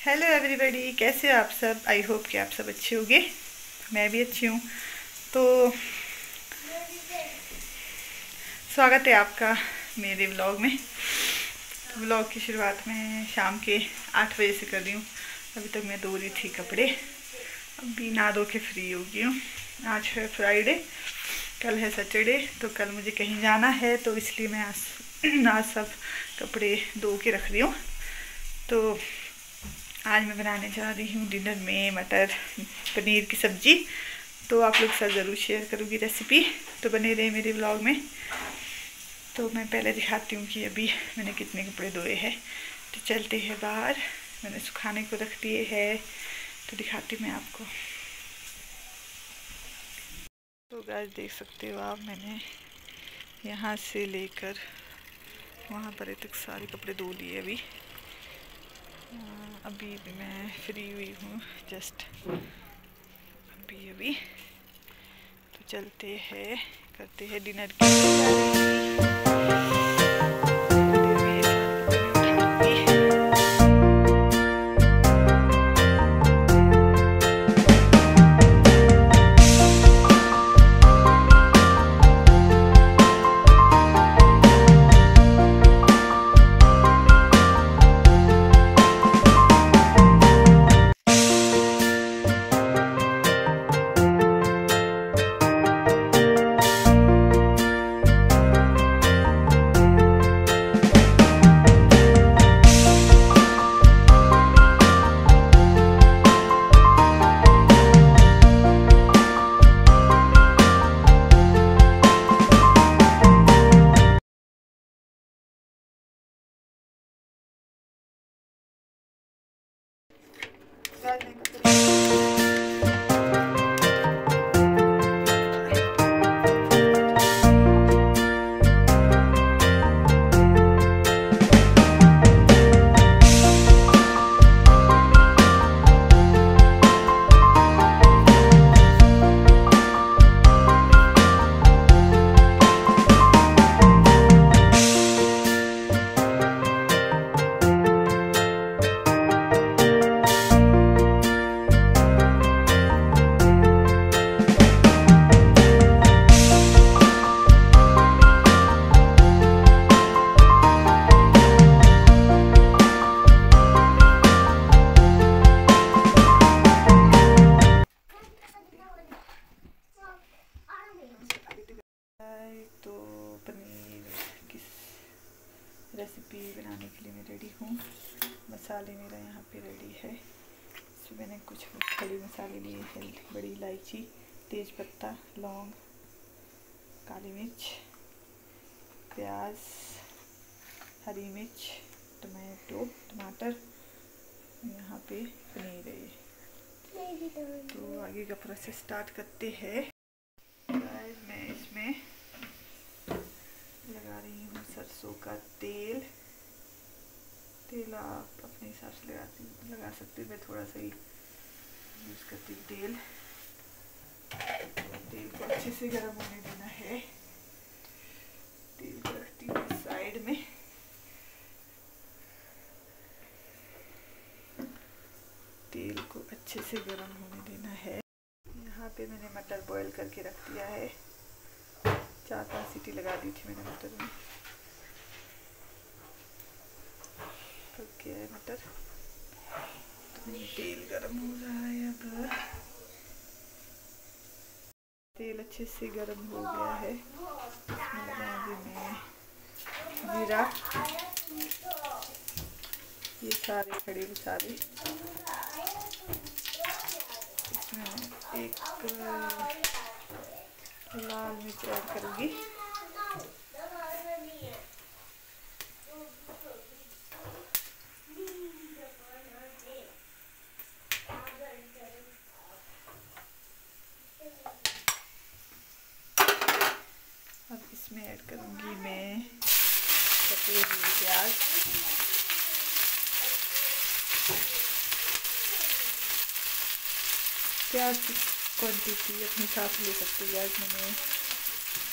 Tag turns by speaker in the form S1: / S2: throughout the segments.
S1: hello everybody कैसे हो आप सब आई होप कि आप सब अच्छे होंगे मैं भी अच्छी हूँ तो स्वागत है आपका मेरे व्लॉग में व्लॉग की शुरुआत में शाम के आठ बजे से कर रही हूँ अभी तक मैं दो रही थी कपड़े अभी ना धो के फ्री हो गई हूँ आज है फ्राइडे कल है सैटरडे तो कल मुझे कहीं जाना है तो इसलिए मैं आज आज सब कपड़े धो के रख रही हूँ तो आज मैं बनाने जा रही हूँ डिनर में मटर पनीर की सब्ज़ी तो आप लोग सर ज़रूर शेयर करूँगी रेसिपी तो बने रहे मेरे ब्लॉग में तो मैं पहले दिखाती हूँ कि अभी मैंने कितने कपड़े धोए हैं तो चलते हैं बाहर मैंने सुखाने को रख दिए है तो दिखाती हूँ मैं आपको तो गैस देख सकते हो आप मैंने यहाँ से लेकर वहाँ पर तक सारे कपड़े धो लिए अभी हाँ, अभी मैं फ्री हुई हूँ जस्ट अभी अभी तो चलते हैं करते हैं डिनर की I think बनाने के लिए मैं रेडी हूँ मसाले मेरा यहाँ पे रेडी है इसमें मैंने कुछ खड़ी मसाले लिए हैं बड़ी इलायची तेज पत्ता लौंग काली मिर्च प्याज हरी मिर्च टमाटो टमाटर यहाँ पे पनीर है तो आगे का प्रोसेस स्टार्ट करते हैं मैं इसमें लगा रही हूँ सरसों का तेल तेल आप अपने हिसाब से लगाती लगा सकते मैं थोड़ा सा ही यूज़ करती हूँ तेल तेल को अच्छे से गर्म होने देना है तेल को रखती हूँ साइड में तेल को अच्छे से गर्म होने देना है यहाँ पे मैंने मटर बॉईल करके रख दिया है चार पाँच सीटी लगा दी थी मैंने मटर में किया है मटर तो तेल गर्म हो रहा है अब तेल अच्छे से गर्म हो गया है इसमें जीरा ये सारे खड़े मसाले इसमें एक लाल मिर्च ऐड करूँगी प्याज की क्वान्टिटी अपने हिसाब से ले सकते हैं आज मैंने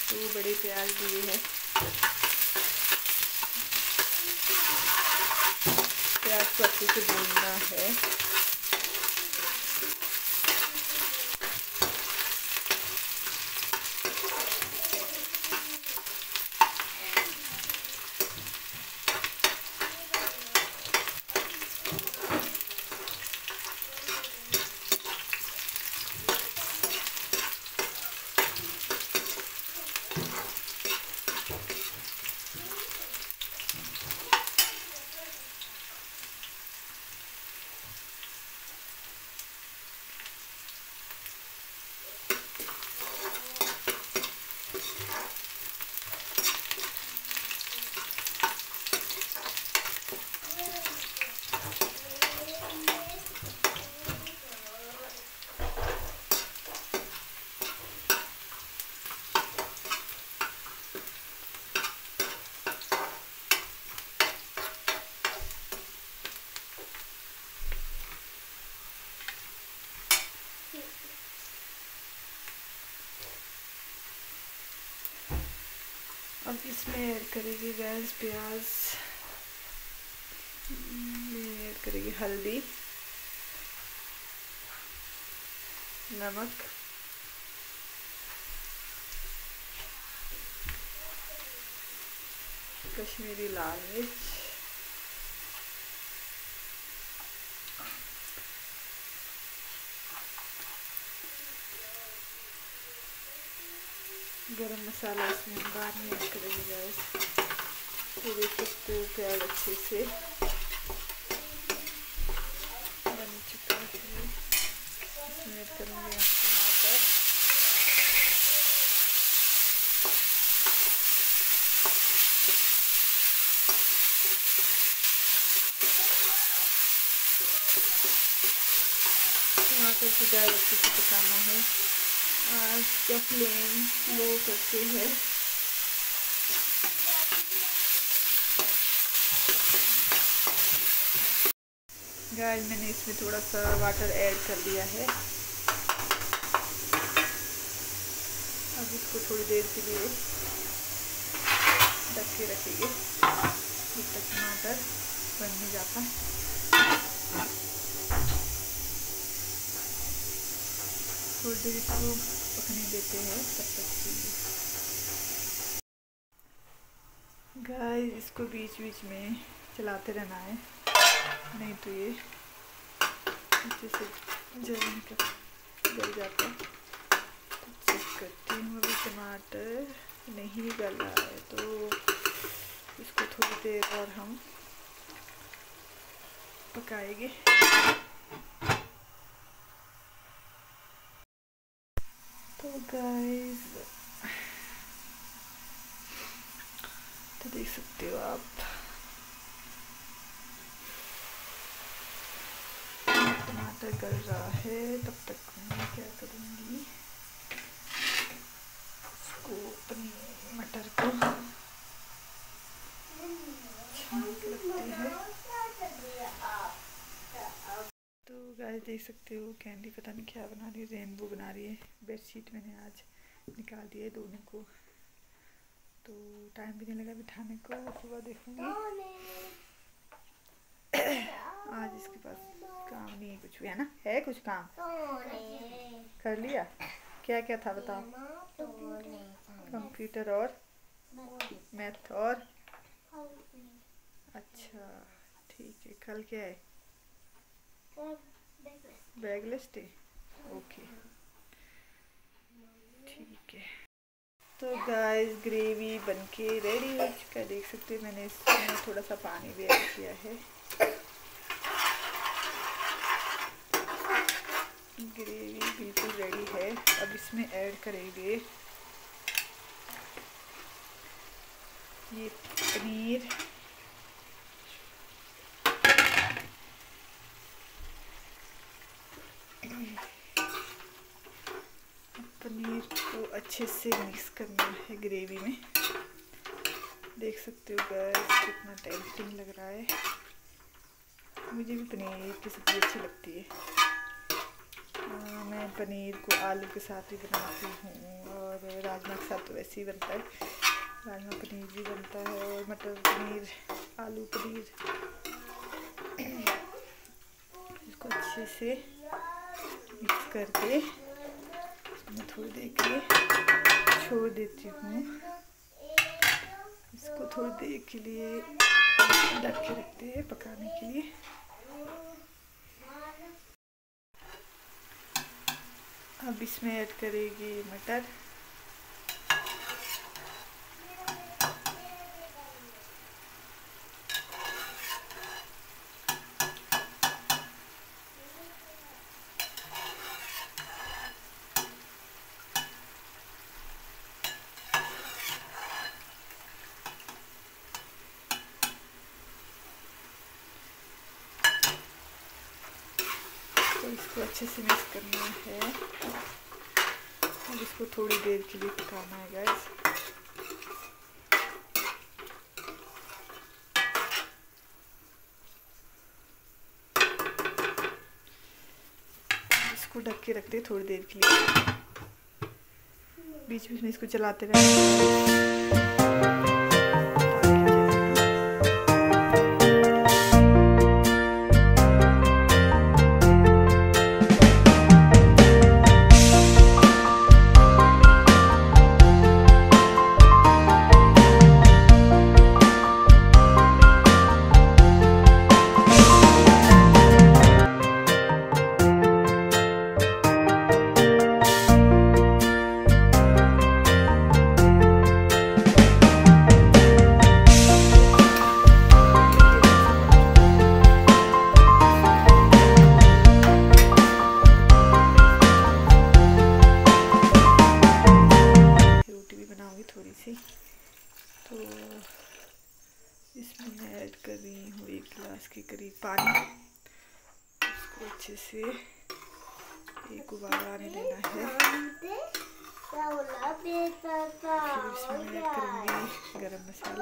S1: दो बड़े प्याज लिए हैं प्याज को अच्छे से भूनना है अब इसमें ऐड करेगी गैस प्याज ऐड करेगी हल्दी नमक कश्मीरी लाल मिर्च गरम मसाला इसमें हम बाद में ऐड करेंगे गैस ये तो देखिए प्याज तो अच्छे से इसका फ्लेम लो करते हैं गाय मैंने इसमें थोड़ा सा वाटर ऐड कर दिया है अब इसको थोड़ी देर के लिए ढक के रखेंगे जब तक टमाटर बनने जाता थोड़ी देर इसको पकने देते हैं तब तक के लिए गाय इसको बीच बीच में चलाते रहना है नहीं तो ये अच्छे से जल जल जाता है तो चेक करती हूँ अभी टमाटर नहीं गल रहा है तो इसको थोड़ी देर और हम पकाएंगे गाइस तो देख सकते हो आप टमाटर गल रहा है तब तक मैं क्या करूँगी देख सकते हो कैंडी पता नहीं क्या बना रही है रेनबो बना रही है बेडशीट मैंने आज निकाल दिया है दोनों को तो टाइम भी नहीं लगा बिठाने को सुबह देखूँगी आज इसके पास काम नहीं है कुछ भी है ना है कुछ काम कर लिया क्या क्या था बताओ कंप्यूटर और मैथ और अच्छा ठीक है कल क्या है बैगलेस टी ओके ठीक है तो गाइस ग्रेवी बनके रेडी हो चुका देख सकते हैं मैंने इसमें थोड़ा सा पानी भी ऐड किया है ग्रेवी बिल्कुल रेडी है अब इसमें ऐड करेंगे ये पनीर अच्छे से मिक्स करना है ग्रेवी में देख सकते हो गैस कितना टेम्पटिंग लग रहा है मुझे भी पनीर की सब्ज़ी अच्छी लगती है आ, हाँ, मैं पनीर को आलू के साथ ही बनाती हूँ और राजमा के साथ तो वैसे ही बनता है राजमा पनीर भी बनता है और मटर पनीर आलू पनीर इसको अच्छे से मिक्स करके मैं थोड़ी देर के लिए छोड़ देती हूँ इसको थोड़ी देर के लिए ढक के रखते हैं पकाने के लिए अब इसमें ऐड करेगी मटर इसको तो अच्छे से मिक्स करना है और इसको थोड़ी देर के लिए पकाना है गैस इसको ढक के रखते थोड़ी देर के लिए बीच बीच में इसको चलाते रहते हैं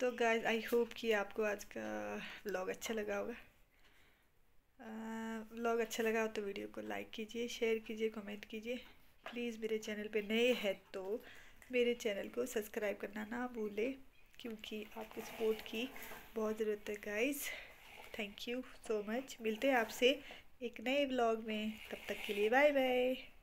S1: तो गाइज आई होप कि आपको आज का व्लॉग अच्छा लगा होगा व्लॉग अच्छा लगा हो तो वीडियो को लाइक कीजिए शेयर कीजिए कमेंट कीजिए प्लीज़ मेरे चैनल पे नए हैं तो मेरे चैनल को सब्सक्राइब करना ना भूलें क्योंकि आपके सपोर्ट की बहुत ज़रूरत है guys thank you so much मिलते हैं आपसे एक नए ब्लॉग में तब तक के लिए बाय बाय